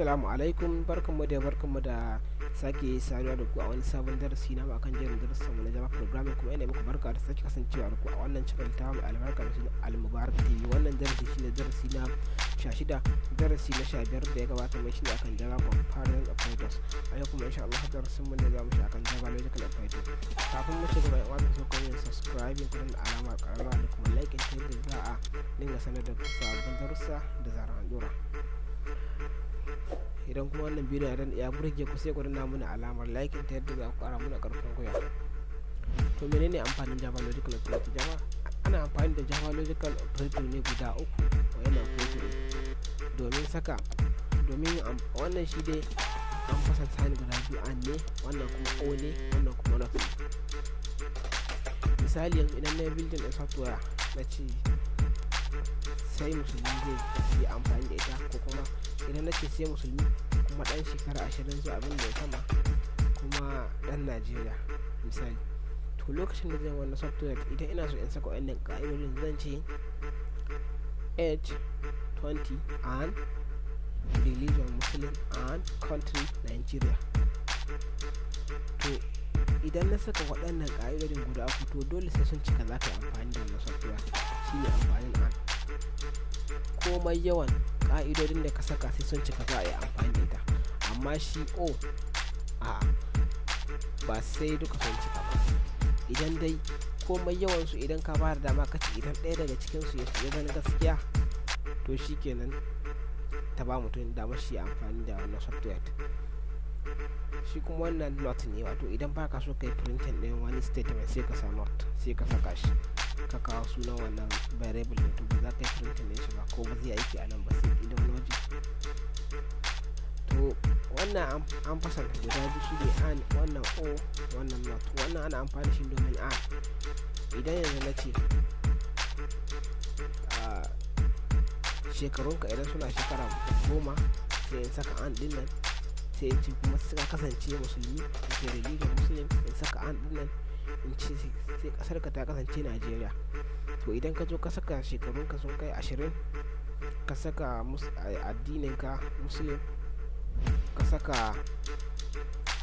assalamu alaikum barkanmu da barkanmu da sake saduwa da ku a wani sabon darasi na akan jerin darasin mu na jama'a programming kuma ina muku barka da sake kasancewa da ku a wannan channel ta mu albarka da sunan almubarak tv wannan darasi ne darasi na 16 darasi na 15 da ya gabata mai shine akan java comparison operators a yau kuma insha Allah darasin mu ne za mu shi akan java logical operator kafin mu ci gaba da wani so kuma subscribe ku da alamar karama da kuma like ta da za a dinga sanar da sabon darussa da zaran dora idan kuma wannan bidiyon ya burge ku sai ku nuna mana alamar likin ta yadda za ku kara mana karfin gwiwa to menene amfanin java logical operator java ana amfani da java logical operator ne guda uku yana operator domin saka domin wannan shi dai an fasa sani guda biyu an ne wannan kuma o ne wannan kuma not misali yanzu idan na yi building a software na ce sai musulmi zai yi amfani da ita ko kuma idan na ce sai musulmi kuma ɗan shekara ashirin zuwa abin da ya sama kuma ɗan najeriya misali to lokacin da zan wannan software idan ina so in saka wannan ka'idodin zan ce h 20 and religion muslim and country nigeria to idan na saka waɗannan ƙa'idodin guda uku to dole sai sun cika za ka yi amfani da wannan software shi ne amfanin an komai yawan ka'idodin da ka saka sai sun cika za a yi amfani da amma shi o a ba sai duka sun cika ba idan dai komai yawan su idan ka fara dama ka ci idan ɗaya daga cikin su ya zan gaskiya to shi kenan ta ba mutum dama shi amfani da wannan software shi kuma wannan not ne wato idan baka so ka yi printing ɗin wani statement sai ka sa not sai ka saka shi ka kawo sunan wannan variable ɗin to ba za ka yi printing shi ba ko ba zai aiki a nan ba sai idan logic to wannan an fasanta guda biyu shi ne an wannan o wannan not wannan ana amfani shi domin a idan yanzu na ce ah, shekarunka idan suna shekara goma sai in saka an dinnan nan sai in ce kuma suka kasance musulmi ke religion muslim in saka an dinnan nan in ce sai kasar ka ta kasance najeriya to idan ka zo ka saka shekarun ka sun kai ashirin ka saka eh, addinin ka muslim ka saka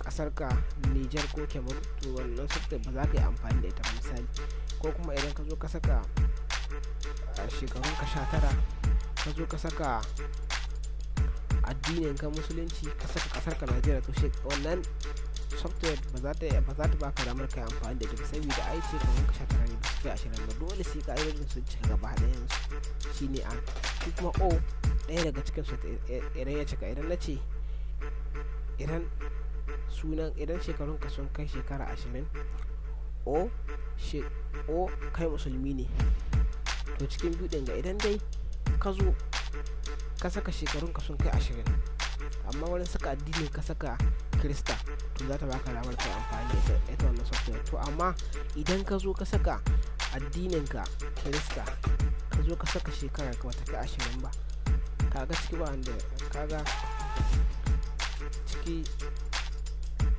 kasar ka nijar ko kemur to wannan software ba za ka yi amfani da ita ba misali ko kuma idan ka zo ka saka eh, shekarun ka sha tara ka zo ka saka addinin ka musulunci ka saka kasar ka najeriya to wannan software ba za ta ba za ta baka damar kai amfani da duk saboda ai ce kamar ka shakara ne ba kai ashirin ba dole sai ka'idodin sun cika gaba ɗayan su ne a shi kuma o ɗaya daga cikin su idan ya cika idan na ce idan sunan idan shekarun ka sun kai shekara ashirin o shi o kai musulmi ne to cikin biyu ɗin ga idan dai ka zo ka saka shekarun ka sun kai ashirin amma wani suka addini ka saka krista to za ta baka damar ka amfani da ita wannan software to amma idan ka zo ka saka addinin ka krista ka zo ka saka shekara ka wata ka ashirin ba kaga ciki ba wanda kaga ciki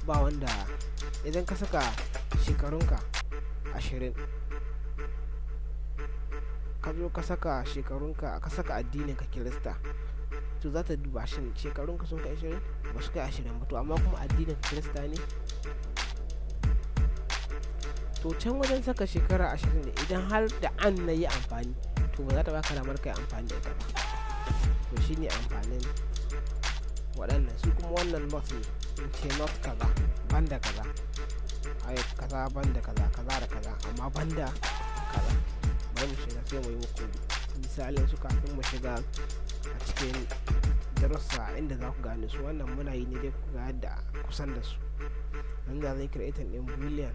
ba wanda idan ka saka shekarunka ashirin ka zo ka saka shekarunka ka saka addinin ka kirista to za ta duba shin shekarunka sun kai ashirin ba su kai ashirin ba to amma kuma addinin kirista ne to can wajen saka shekara ashirin da idan har da an na yi amfani to ba za ta baka damar kai amfani da ita ba to shi ne amfanin waɗannan su kuma wannan not ne in ce not kaza banda kaza ai kaza banda kaza kaza da kaza amma banda kaza bari mu shiga sai mu yi muku misalin su kafin mu shiga cikin darussa inda za ku gane su wannan muna yi ne dai ku ga yadda kusan da su nan ga zai kira din ɗin boolean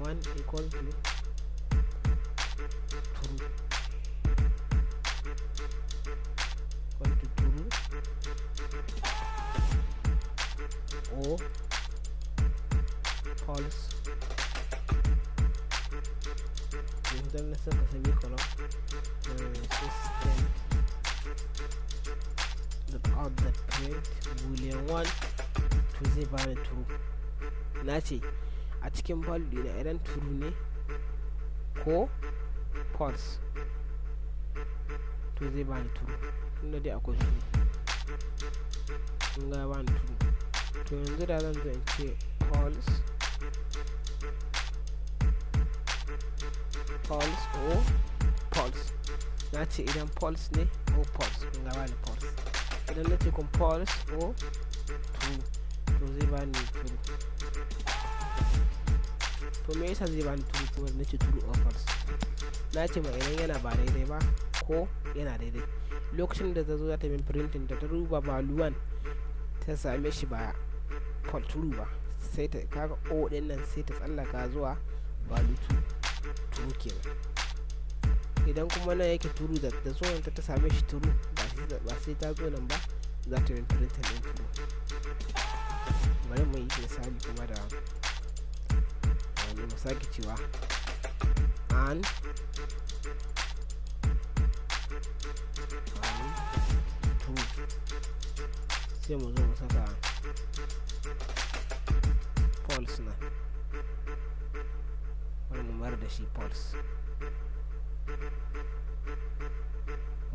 1 equal to true equal to true or hacerle ese ¿no? Eh, oh, de Sustent. the print boolean to na ce a cikin ball na idan turu ne ko false to bani tunda dai akwai to yanzu da zan zance false pulse o pulse na idan pulse ne o pulse kun gaba ni pulse idan na ce kun pulse o true to zai ba ni true to me yasa zai ba ni true kuma na ce true o pulse na ce ma idan yana ba daidai ba ko yana daidai lokacin da ta zo za ta min printing da ta ruba baluwan ta same shi ba falturu ba sai ta kaga o oh, din nan sai ta tsallaka zuwa balutu turu idan kuma nan yake turu da da zuwan ta ta same shi turu ba sai ta zo nan ba za ta yi printer din turu bari mu yi misali kuma da wani mu sake cewa an sai mu zo mu saka false na mayar da shi pulse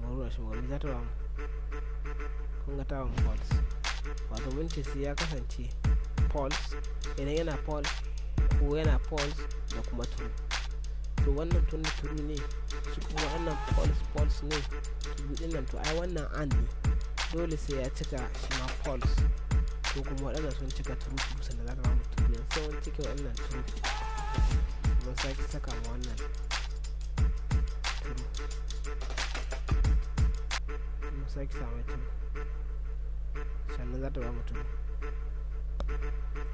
murura shi magani za ta ba kun ga ta ba pulse wato winchester ya kasance pulse idan yana pulse ko yana pulse da kuma true to wannan tun da true ne su kuma wannan pulse pulse ne su to nan to ai wannan an ne dole sai ya cika shi ma pulse ko kuma waɗannan sun cika turu su za ka ba mu true yanzu sai wani cike waɗannan true ban sake saka ma wannan turu mu sake samu sannan za ta ba mutum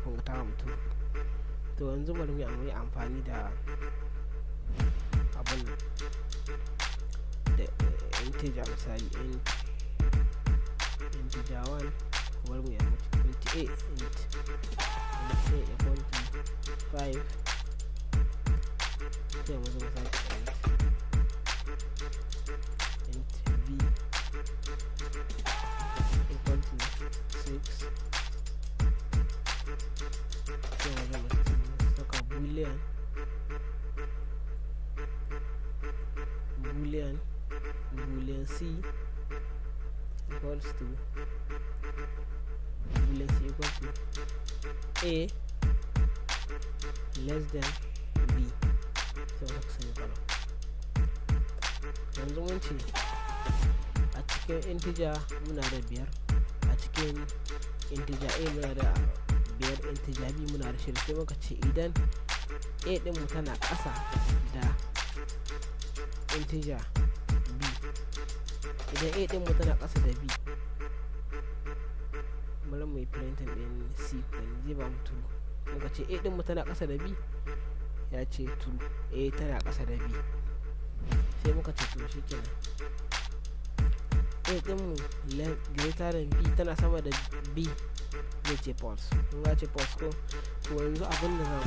ko ta mutum to yanzu bari mu yi amfani da abin eh, integer misali integer 1 mu yi 28 int there was a to 6 there was a white space like boolean boolean boolean C equals to boolean C equals to A less than to yanzu mun ce a cikin integer muna da biyar a cikin integer a muna da biyar integer b muna da shida sai muka ce idan a din tana ƙasa da integer b idan a tana ƙasa da b muka ce a din tana da b ya ce tu a eh, tana kasa da b sai muka ce to shi kenan a ɗinmu greater than b tana sama da b zai ce pulse in ya ce pulse ko to yanzu abin da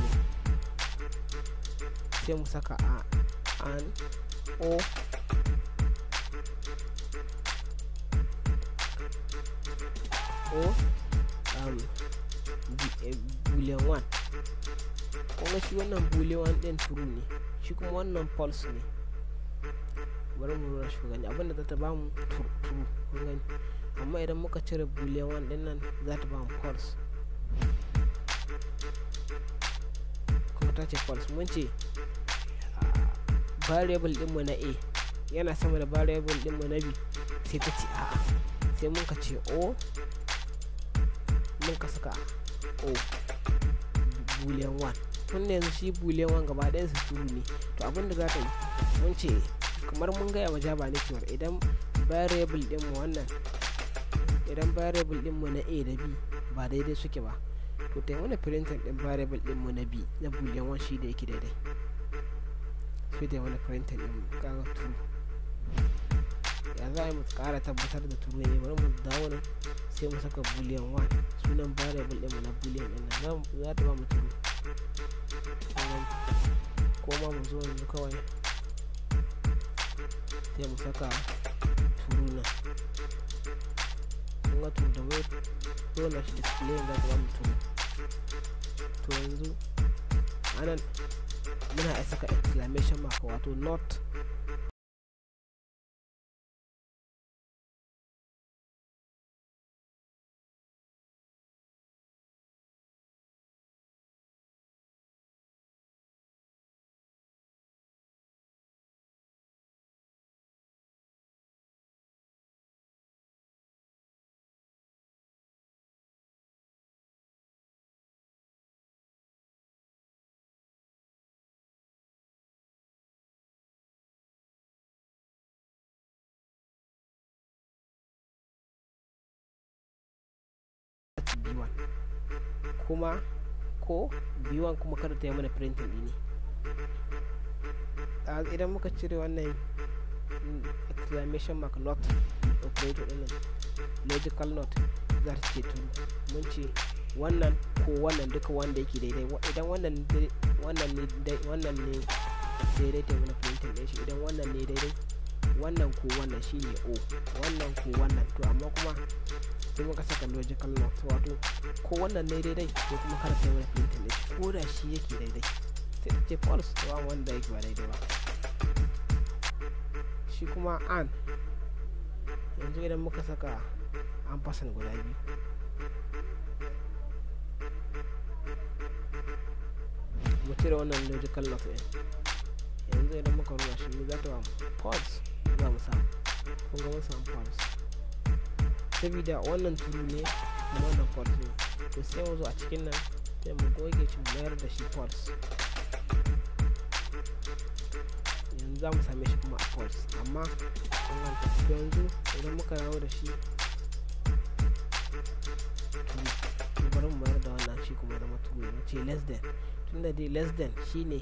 zamu sai mu saka a an o o um, boolean eh, 1 kuma shi wannan bulewan one ɗin true ne shi kuma wannan false ne bari mu lura shi gani abinda zata ta mu true kun gani amma idan muka cire bulewan one ɗin nan za ta mu false kuma ta ce false mun ce variable ɗinmu na a yana sama da variable ɗinmu na b sai ta ce a sai mun ka ce o mun ka saka o boolean 1 tun da yanzu shi bulewan gaba ɗayan su turu ne to abin da za ta yi mun ce kamar mun gaya wa jaba ne cewar idan variable din mu wannan idan variable din mu na a da b ba daidai suke ba to ta yi wani printer din variable din mu na b na bulewan shi da yake daidai sai ta yi wani printer din kaga turu ya za a yi mu kara tabbatar da turu ne bari mu dawo nan sai mu saka boolean 1 sunan variable din mu na boolean wani nan za ta ba mu turu Kuma mu zo yanzu kawai sai mu saka turu nan kun ga turu da mai dole shi display da za mu turu to yanzu anan muna saka exclamation mark wato not b1 kuma ko b1 kuma kada ta yi mana printing ɗini a idan muka cire wannan mm, exclamation mark not operator ɗin logical not za ta ce tun mun ce wannan ko wannan duka wanda yake daidai idan wannan ne wannan ne daidai ta mana printing ɗin shi idan wannan ne daidai wannan ko wannan shi ne o wannan ko wannan to amma kuma in ka saka logical note wato ko wannan ne daidai ko kuma kada kai wani printing ne ko da shi yake daidai sai in ce false to ba wanda yake ba daidai ba shi kuma an yanzu idan muka saka an fasan guda biyu mu cire wannan logical note ɗin yanzu idan muka ruwa shi za ta ba mu false za mu samu kun ga mun samu false saboda wannan turu ne kuma wannan false ne to sai mu zo a cikin nan sai mu goge shi mu mayar da shi false yanzu za mu same shi kuma a false amma wannan tafi yanzu idan muka dawo da shi to bari mu mayar da wannan shi kuma zama turu mu ce less than tunda dai less than ne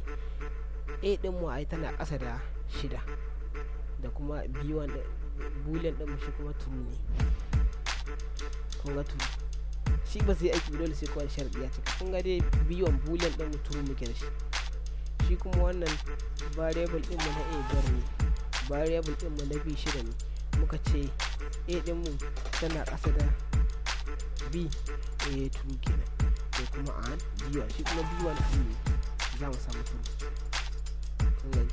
a din mu ai tana kasa da shida da kuma b1 boolean din mu shi kuma turu ne tsoratu shi ba zai aiki dole sai kowane sharadi ya cika kun ga dai biyan bulan ɗin mutum muke da shi shi kuma wannan variable ɗin mu na a jar ne variable ɗin mu na b shida ne muka ce a ɗin mu tana ƙasa da b a eh, two kenan ko kuma a b1 shi kuma b1 ne za mu samu kun two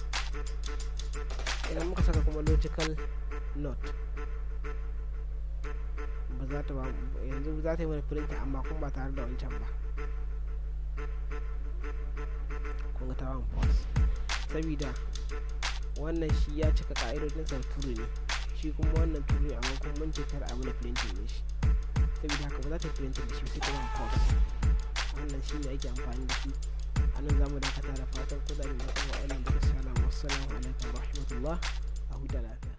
idan muka saka kuma logical note za ta yanzu za ta yi mana firinta amma kuma ba tare da wancan ba kun ga tawon pause saboda wannan shi ya cika ka'idodin sa turu ne shi kuma wannan turu amma kuma mun a mana printing ne shi saboda haka ba za ta printing da shi sai wani pause wannan shi ne ake amfani da shi a nan za mu dakata da fatan kudade da kuma ɗan da ɗan ɗan wasu salamu alaikum ɗan ɗan ɗan ɗan lafiya